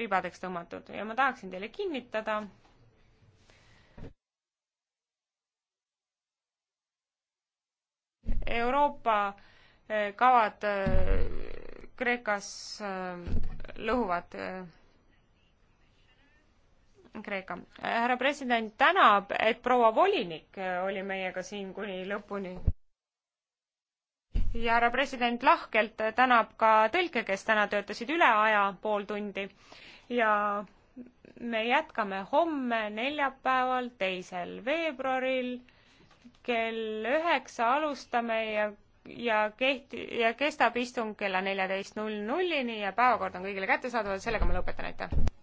ribadeks tõmmatud ja ma tahaksin teile kinnitada, Euroopa eh, kavad eh, Kreekas eh, lõhuvad Kreeka. härra president tänab, et proua volinik oli meiega siin kuni lõpuni ja härra president lahkelt tänab ka tõlke, kes täna töötasid üle aja pool tundi ja me jätkame homme, neljapäeval, teisel veebruaril kell üheksa alustame ja, ja kehti- ja kestab istung kella neljateist null nullini ja päevakord on kõigile kättesaadav, sellega ma lõpetan, aitäh!